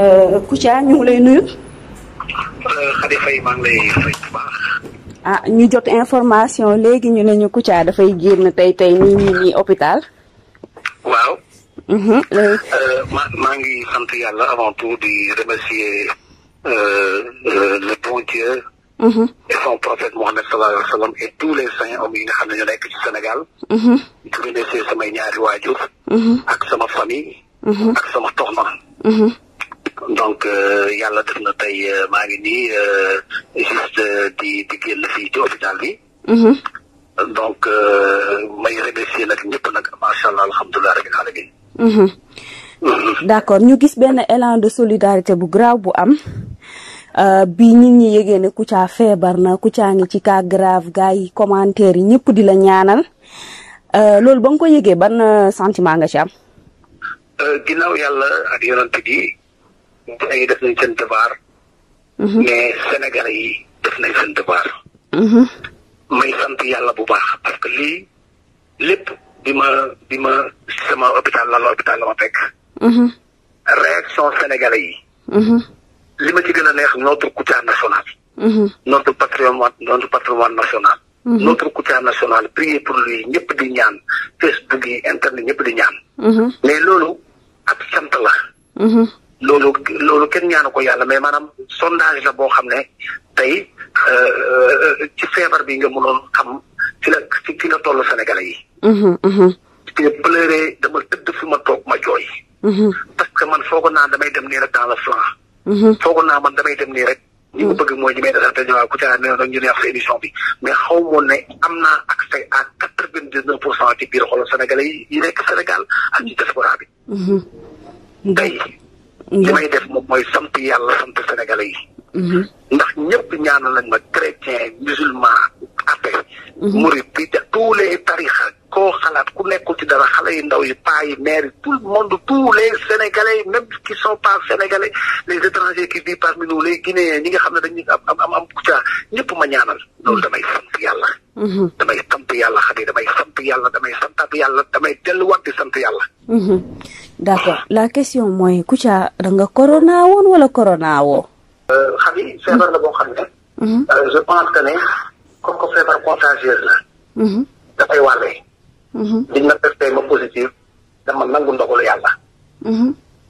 Euh, Kouthia ñu ngi lay nuyu. Euh, Khady Faye maa lay fay baax. ah ñu jot information léegi ñu ne ñu Kouthia dafay génn tey tey nii nii nii hôpital. waaw. Mhm. Euh, ma maa ngi sant yàlla avant tout di remercier le bon Dieu. Mhm. et son et tous les saints hommes nga xam ne ñu nekk ci Sénégal. Mhm. di remercier samay ñaari waajur. ak sama famille. ak sama toxna. donc euh, yàlla def na tey euh, maa ngi nii euh, juste di di génn fii ci hôpital bi. Mhm. donc may remercier nag ñëpp nag macha allah alhamdulilah rabbil alamin. Mhm. Mhm. d'accord ñu gis benn élan de solidarité bu grave bu am. bi nit ñi yëgee ne Kouthia feebar na Kouthia ngi ci cas grave gars yi commentaire yi ñëpp di la ñaanal loolu ba nga ko yëgee ban sentiment nga ci am. ginnaaw yàlla ak yonent bi ay def nañ seen devoir. Mhm. mais Sénégalais yi def nañ seen devoir. Mhm. may sant yàlla bu baax parce que lii lépp bi ma bi ma sama hôpital la la hôpital la ma fekk. Mhm. réaction sénégalais yi. li ma ci gën a neex notre Kouthia national. notre patrimoine notre patrimoine national. notre Kouthia national prier pour lui ñëpp di ñaan Facebook yi internet ñëpp di ñaan. mais loolu ab sant la. loolu loolu kenn ñaanu ko yàlla mais maanaam sondage la boo xam ne tey euh, euh, ci feebar bi nga mënoon xam fi la fi la toll Sénégalais yi. te mhm, mhm. pleuré dama tëdd fi ma toog ma jooy. Mhm. parce que man foogoon naa damay dem nii rek dans le flanc. foogoon naa man damay dem nii rek. ñi ma bëgg de ñi may defante ñu waaw Kouthia nee na ñu neex sa bi mais xaw ma ne am naa accès a quatre vingt dix neuf pour cent ci biir xolu Sénégalais yi nekk Sénégal ak ci diaspora bi. tey. li may def moom mooy sant yàlla sant sénégalais yi. ndax ñëpp ñaanal nañ ma chrétien musulman athée. murid bi de tous les tarixa koo xalaat ku nekk ci dara xale yu ndaw yi paa yi maire yi tout le monde tous les sénégalais même qui sopa pas sénégalais les étrangers qui vivent parmi nous les guinéens ñi nga xam ne dañuy am am am ma ñëpp ma ñaanal loolu damay sant yàlla. Mm-hmm. damay sant yàlla xadi damay sant yàlla damay santaat yàlla damay delluwaat di sant yàlla. Mm-hmm. d' accord la question mooy Kouthia da nga corona woon wala corona woo. Euh, xadi feebar la boo xam ne. Mm-hmm. Euh, je pense que ne comme ma testé ma positif dama nangu ndogalu yàlla.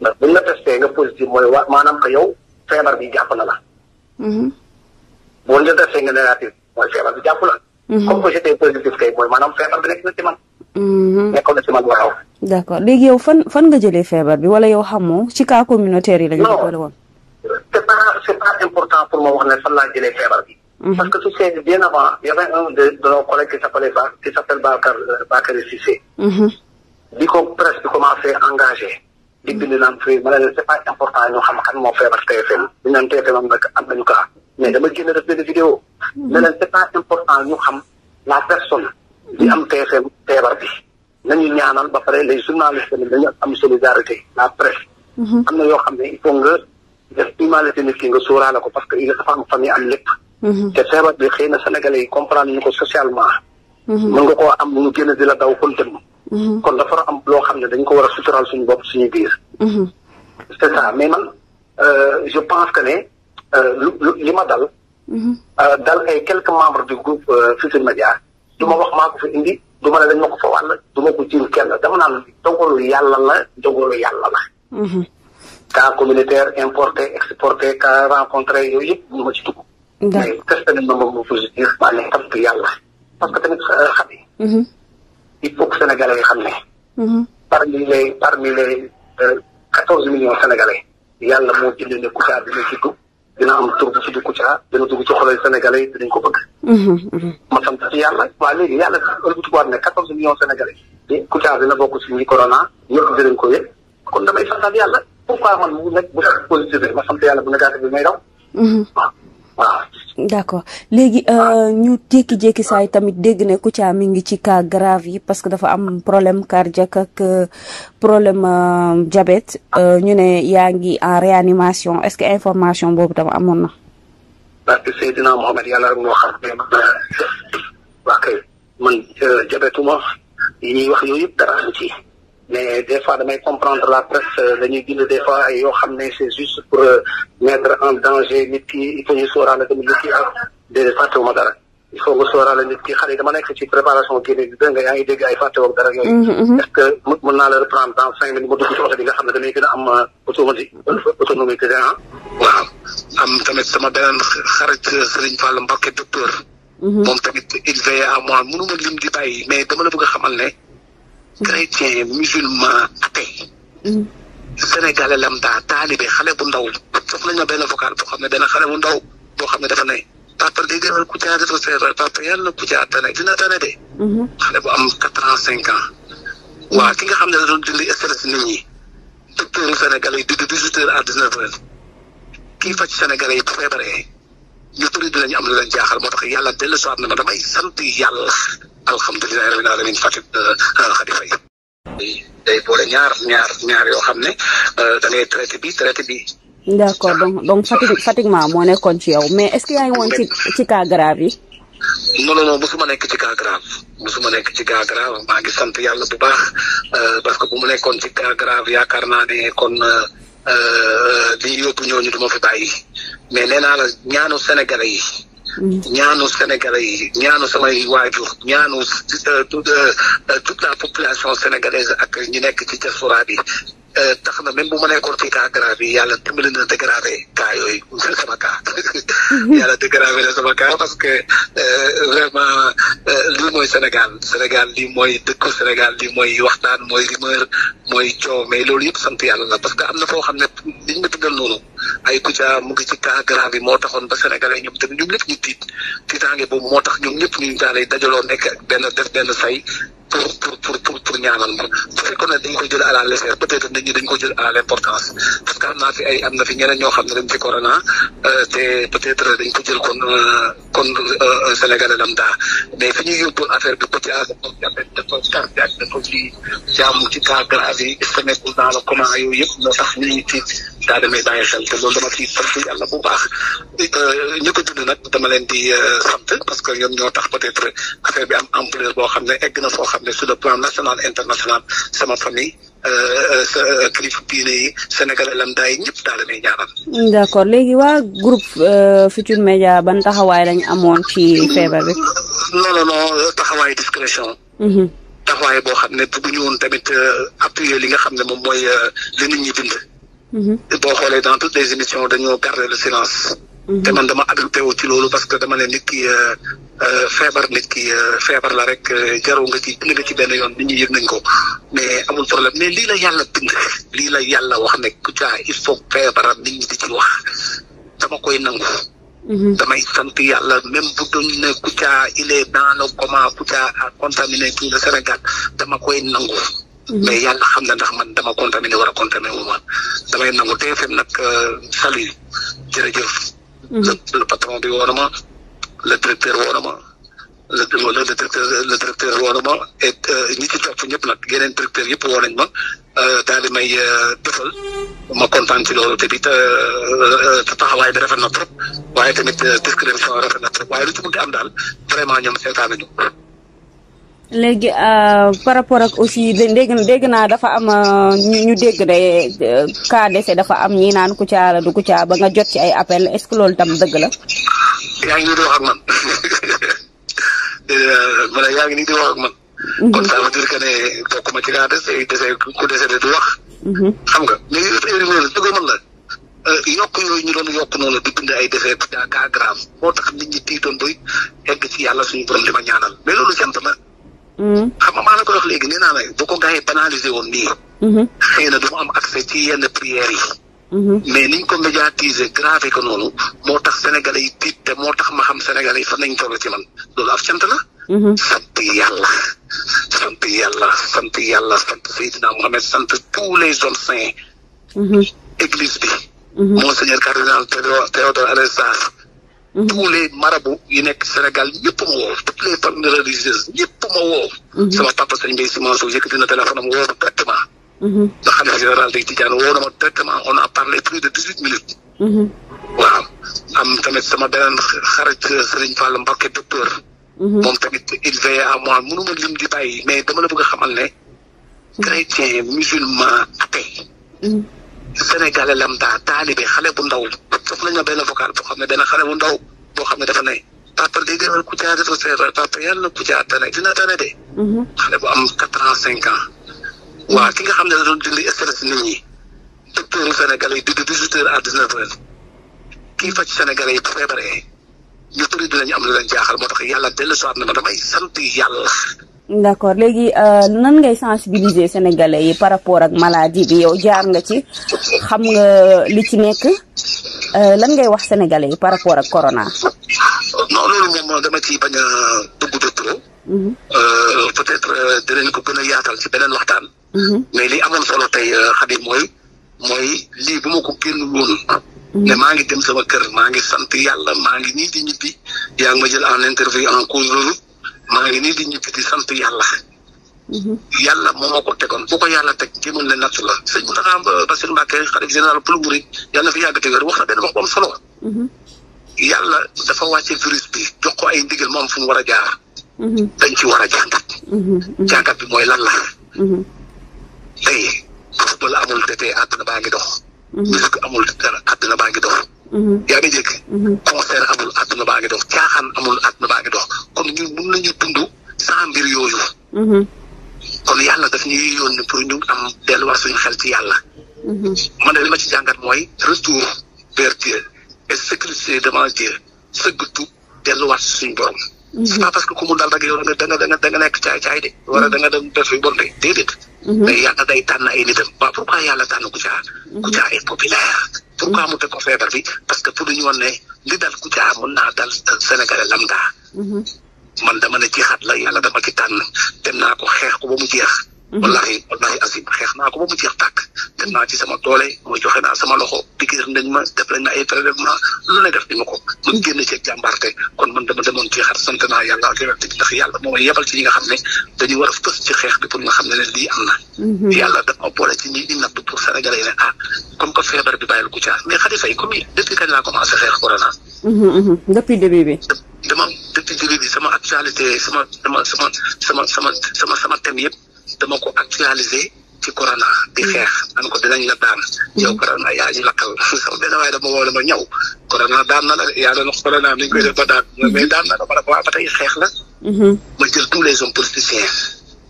ndax buñ la testé nga mooy wa maanaam que yow feebar bi jàpp na la. boo ñu la testé nga négatif mooy feebar bi jàpp la. Mm-hmm. comme que kay mooy maanaam feebar bi nekk na ci man. Mm-hmm. nekkoon léegi yow fan fan nga jëlee feebar bi wala yow xamoo ci cas communautaire la ñu. ma wax ne fan laa jëlee feebar bi. Mm-hmm. parce que tu sais bien avant y avait un de de nos collègues qui s' appelait Ba qui s' appelle Bakar euh, Bakary Cissé. ma ne moo feebar TFM. ñu naan TFM am na am nañu cas. mais dama génn def benn vidéo mhm. ne leen c'est pas important ñu xam la personne di am feefe feebar bi nañu ñaanal ba pare les journalistes tamit dañu am solidarité la presse mhm. am na yoo xam ne il faut nga ko parce que il dafa am mhm. na sénégalais yi comprendre ñu ko socialement mën nga koo am ñu génn di la daw kon dëmm kon am loo xam ne dañ ko war a suñu bopp suñu biir c'est ça mais man euh, je pense que ne Euh, lu li ma dal. Mhm. Euh, dal ay quelques membres du groupe euh, Futurs Médias du ma wax maa ko fi indi du ma ne dañ ma ko fa wàll du ma ko jiw kenn dama yàlla la dogalu yàlla la. Mhm. cas communautaire importé exporté cas rencontré yooyu yëpp ñu ci dugg. mais testé nañ ma moom positif maa yàlla parce que tamit xam yi mhm. il faut que sénégalais yi xam ne. parmi ne Kouthia dina dina am tur bu tudd Kouthia dina dugg ci xolay sénégalais yi dinañ ko bëgg. Mhm, mhm. ma sant ci yàlla waa léegi yàlla ëllëg ne quatorze millions sénégalais yi. Kouthia dina bokk ci ñi corona ñëpp dinañ ko yëg kon damay santaat yàlla pourquoi man mu nekk bu positif ma sant yàlla bu négatif bi may daw. Mhm. waaw. d'accord léegi euh, ñu jékki-jékki saa yi tamit dégg ne Kouthia mi ngi ci cas grave yi parce que dafa am problème cardiaque ak euh, problème jabet euh, ñu ne yaa ngi en réanimation est-ce que information boobu tam amoon na. parce que Seydina Mohamed wax yooyu yëpp dara ci. mais des fois damay comprendre la presse dañuy bind des fois ay yoo xam ne c'est juste pour euh, mettre en danger nit ki il faut ñu nit ki ak ah, déedéet fàttewuma dara il faut nekk ci préparation yaa ngi dégg ay fàttewam dara yooyu mm-hmm, mm-hmm. est-ce que mën naa la reprendre dans cinq minutes ma dugg ci oto xam ne am euh, autonomie ah. am tamit sama beneen xarit Serigne Fall Mbacke docteur mm-hmm. moom tamit il veille à moi mënuma lim di bàyyi mais dama la bëgg a xamal ne chrétien musulman athée. Mm. Sénégalais lambda taalibe xale bu ndaw soxla na benn vocal boo xam ne benn xale bu ndaw boo xam ne dafa ne papa day defal Kouthia dafa seetal papa yàlla na Kouthia tane dina tane de. Mm-hmm. xale bu am quatre ans cinq ans. waa ki nga xam ne da doon dindi stress nit ñi docteur Sénégalais yi de dix-huit heures à dix-neuf heures kii faj Sénégalais yi bu feebaree ñu bëri dinañ am na leen jaaxal moo tax yàlla dellusiwaat na ma damay sant yàlla. alhamdulilahi rabbil alamin Fatick euh, Khady Faye day boole ñaar ñaar ñaar yoo xam ne euh, da ngay traité bi traité bi d' accord donc donc Fatick Fatick maa moo nekkoon ci yow mais est ce que yaa ngi woon ci ci cas grave yi non non non mosuma nekk ci cas grave mosuma nekk ci cas grave maa ngi yàlla bu baax euh, parce que bu ma nekkoon ci cas grave yaakaar naa ne kon di yóbbu ñooñu du ma fi bàyyi mais nee naa ñaanu Sénégalais yi Mm-hmm. ñaanu sénégalais yi ñaanu samay waajur ñaanu euh, euh, euh, toute la population sénégalaise ak ñi nekk ci diaspora bi Euh, tax na même bu ma nekkoon ci cas grave yi yàlla dimbali na dégravé cas yooyu sama cas yàlla dégravé na sama cas parce que euh, vraiment euh, li mooy Sénégal Sénégal lii mooy dëkku Sénégal lii mooy waxtaan mooy rumeur mooy coow mais loolu yëpp sant yàlla la parce que am na foo xam ne liñ ma dundal noonu ay Kouthia mu ngi ci cas grave yi moo taxoon ba Sénégalais ñoom tamit ñoom ñëpp ñu tiit tiitaange boobu moo tax ñoom ñëpp ñu daal di ne nekk benn def benn say pour pour pour pour pour ñaanal ma su fekkoon ne dañ ko jël à la légère peut-être nit ñi dañ ko jël à l'importance parce que am naa fi ay am na fi ñeneen ñoo xam ne dañ fi corona euh, te peut-être dañ ko jël kon euh, kon euh, Sénégalais lambda mais fi ñuy yóbbu affaire bi ko ci àll ba jafe dafa cardiaque dafa ci jaamu ci cas grave yi est-ce que nekkul dans le coma yooyu yëpp moo tax ñuy tiit. daa damay bàyyi xel te loolu dama ciy sant yàlla bu baax euh, ñu ko dund nag dama leen di euh, sant parce que ñoom ñoo tax peut-être a bi am ampleur boo xam ne egg na foo xam ne sur le plan national international sama famille euh, sa kilifa diine yi Sénégal lam daay d'accord léegi waa groupe Futurs Médias ban taxawaay lañu amoon ci feebar bi. non non non taxawaay discrétion. Mm-hmm. taxawaay boo xam ne bëgguñu woon tamit appuyer li xam ne mooy li Mm-hmm. boo xoolee dans toutes les émissions dañoo garder le silence. Mm-hmm. te man dama adapté wu ci loolu parce que dama ne nit ki euh, euh, feebar nit ki euh, feebar la rek jarul nga ci nga ci benn yoon nit ñi yëg nañ ko mais amul problème mais lii la yàlla bind lii la yàlla wax ne Kouthia il faut feebaram nit ñi di ci wax dama koy nangu. Mm-hmm. damay sant yàlla même bu doon ne Kouthia il est dans le coma Kouthia a contaminé tout le Sénégal dama koy nangu. mais yàlla xam na ndax man dama contaminé war a contaminé wu ma damay nangu TFM nag euh, salut jërëjëf. Mhm. le patron bi woon ma le directeur woon ma le le directeur le directeur woon ma et euh, ñi ci topp ñëpp nag yeneen directeur yëpp woo nañ ma euh, daal di may defal ma kontaan ci loolu tamit taxawaay bi rafet na trop waaye tamit description rafet na trop waaye lu daal vraiment ñoom seetaan nañu. léegi euh, par rapport ak aussi dégg dégg naa dafa am euh, ñu dégg ne euh, cas décès dafa am ñi naan Kouthia la du Kouthia ba nga jot ci ay appel est-ce que loolu tam dëgg la. yaa ngi nii wax ak man man eh, yaa ngi nii di wax ak man. Mhm. kon ça veut dire que ci cas ku décédé du wax. Mhm. xam nga léegi la yokk yooyu ñu doon yokk noonu la di bind ay décès cas grave moo tax nit ñi tiitoon doy egg ci yàlla suñu borom di ma ñaanal mais loolu sant la. xam mm-hmm. nga ah, maa la ko wax léegi nee naa la bu ko gars yi banaliser woon mm-hmm. na du am accès ci yenn prières yi. Mm-hmm. mais niñ ko médiatiser grave ko noonu moo tax sénégalais yi tiit te moo tax ma xam sénégalais yi fo nañ toll ci man loolu af cant la. sant yàlla sant yàlla sant yàlla sant Seydina Mohamed sant tous les hommes saints. église bi. monseigneur cardinal Théodore Adrien Sarr. Mhm. tous les bu yi nekk Sénégal ñëpp ma woo toutes les familles religieuses ñëpp ma woo. Mhm. sama papa sëñ Mbaye Sy Mansour yëkkati na téléphone am woo ma directement. le mhm. xalifa de dix huit minutes. waaw am tamit sama beneen xarit Serigne Fall Mbacké docteur. moom tamit il veille à moi lim di bàyyi mais dama la bëgg a xamal ne. chrétien musulman athée. sénégalais lambda taalibe xale bu ndaw. foofu la benn vocal boo xam ne benn xale bu xam ne dafa nay papa day demal Kouthia dafa seetal papa ne na Kouthia tane dina tane de. Mhm. xale bu am quatre ans cinq ans. waa ki nga xam ne da doon yi de dix-huit heures à dix-neuf heures kii faj Sénégal yi bu feebaree eh, ñu bëri dinañu am lu leen jaaxal moo tax yàlla dellu si na ma yàlla. d'accord léegi euh, nan ngay sensibiliser sénégalais yi par rapport ak maladie bi yow jaar nga ci xam nga li ci nekk. Euh, lan ngay wax sénégalais yi par rapport ak corona. non loolu moom dama ci bañ a dugg de trop. Mhm. Euh, peut-être euh, dinañ ko gën a yaatal ci beneen waxtaan. Mhm. mais li amoon solo tey xadi mooy mooy lii bu ma ko génn woon. Mhm. ne maa ngi dem sama kër maa ngi sant yàlla maa ngi nii di ñibbi yaa ngi ma jël en interview en cause loolu maa ngi nii di ñibbi di sant yàlla. Mhm. yàlla moom ma ko tegoon bu ko yàlla teg jéemoon ne natt la sëñ Mountakha Bassirou Mbacké xalifa général pour murid yàlla na fi yàgg te wér wax na benn wax bu solo mhm. yàlla dafa wàcce virus bi jox ko ay ndigal moom fu mu war a jaar mhm. dañ ci war a jàngat jàngat bi mooy lan la tey football amul te tey àdduna baa ngi dox musique amul àdduna baa ngi dox yaa ngi jégg concert amul àdduna baa ngi dox caaxaan amul àdduna baa ngi dox kon ñun mun nañu dund sans mbir yooyu kon yàlla daf ñuy yónni pour ñu am delluwaat suñ xel ci yàlla. Mhm. man de li ma ci jàngat mooy retour vers Dieu et sécurité devant Dieu sëggatu delluwaat suñu borom. Mhm. c'est pas parce que ku mu dal rek yow da nga da nga nekk caay caay de. wala mhm. da nga dem def yu bon de déedéet. mais yàlla day tànn ay nitam waaw pourquoi yàlla tànn Kouthia. Kouthia est populaire. pourquoi mu teg ko feebar bi parce que pour ñu woon ne li dal Kouthia mën naa dal am lambda. man dama ne jihaat la yàlla dama ci tànn dem naa xeex ko ba mu jeex. Mhm. wallahi wallahi xeex naa ko ba mu jeex tàkk dem naa ci sama doole mooy joxe naa sama loxo piqûre nañ ma def nañ ma lu ne def ni ma ko mun génn ci jàmbaarte man dama demoon ci xar sant naa yàlla ak yonent bi ndax yàlla moo may yebal ci xam ne dañu war a fës ci xeex bi pour xam ne ne am na mhm. yàlla dafa boole ci ñi di natt pour sénégalais yi ne ah comme que feebar bi bàyyil ku caa ah, mais xadi fay comme depuis kañ laa commencé xeex corona mhm, depuis début bi depuis jeudi bi sama actualité sama sama sama sama sama sama sama thème yëpp dama ko actualisé ci corona di mm. xeex man ko dinañ la daan mm. yow corona yaa ñu lakkal sama benn waaye dama woo la ma ñëw corona daan na la yaa doon corona ni ñu koy def ba daan mm-hmm. mais daan na la ma ne ko waa ba tey xeex la mm-hmm. ma jël tous les hommes politiciens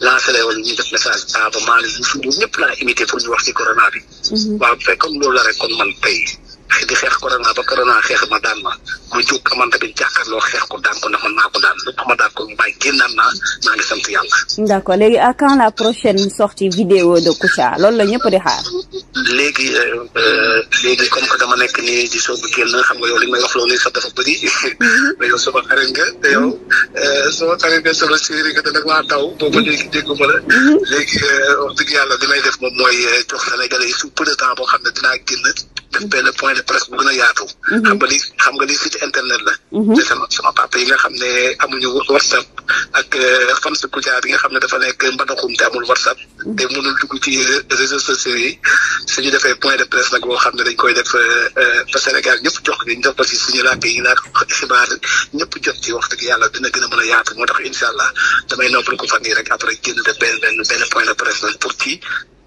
lancé la woon ñu def message Baaba Maal Youssou Ndour ñëpp laa imité pour ñu wax ci corona bi mm-hmm. waaw fekk comme loolu la rek kon man tey di xeex corona ba corona xeex ma daan ma ma jóg man tamit jàkkaarloo xeex ko daan ko ndax man maa ko daan lu ma daan ko bàyyi génnaan naa maa ngi sant yàlla. d' accord léegi à quand la prochaine sortie vidéo de Kouthia loolu la ñëpp di xaar. léegi euh, euh, léegi comme que dama nekk ni di soog a na xam nga yow li may wax loolu sax dafa bëri mais mhm. yow sama xarit nga te yow euh, sama taw mhm. boobu léegi dégguma la mhm. léegi dëgg yàlla li may def moom mooy jox Sénégalais yi su peu de temps boo xam ne dinaa génn. def benn point de presse bu gën a yaatu. Mhm. xam nga li xam nga li site internet la. Mhm. sama sama yi nga xam ne amuñu whatsapp ak euh, fan si Kouthia bi nga xam ne dafa nekk mbadaxum te amul whatsapp. Mhm. te mënul dugg ci euh, réseaux sociaux yi suñu defee point de presse nag boo xam ne dañ koy def euh, ba Sénégal ñëpp jox ko ñu def ko ci suñu làkk ñëpp jot ci wax dëgg yàlla dina gën a mën a yaatu moo tax incha allah damay noppal ko fan yii rek après génn def benn benn benn point de presse pour ci.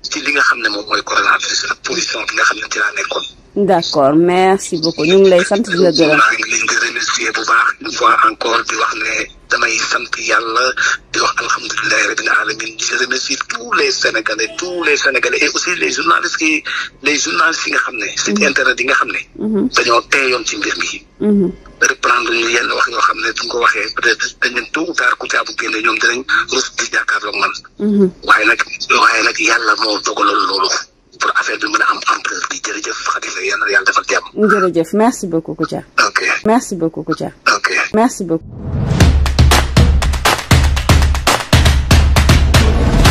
ci li nga xam ne moom mooy coronavirus ak pollution bi nga xam ne ci laa nekkoon d' accord merci beaucoup ñu ngi lay sant di la gërëm. maa ngi leen di remercier bu baax une fois encore di wax ne damay sant yàlla di wax alhamdulilah rabbil alamin di remercier tous les sénégalais tous les sénégalais et aussi les journalistes qui les yi nga xam ne. si mhm. internet yi nga xam ne. Mhm. dañoo teeyoon ci mbir mi. Mhm. reprendre ñu yenn wax yoo xam ne duñ ko waxee peut être dañ leen tôt ou tard ku caabu génne ñoom dinañ rus man. waaye nag waaye nag yàlla moo dogaloon loolu. pour affaire bi mën a am ampleur bi jërëjëf Khadija yal na yàlla defal jàmm. jërëjëf merci beaucoup Kouthia. ok merci beaucoup Kouthia.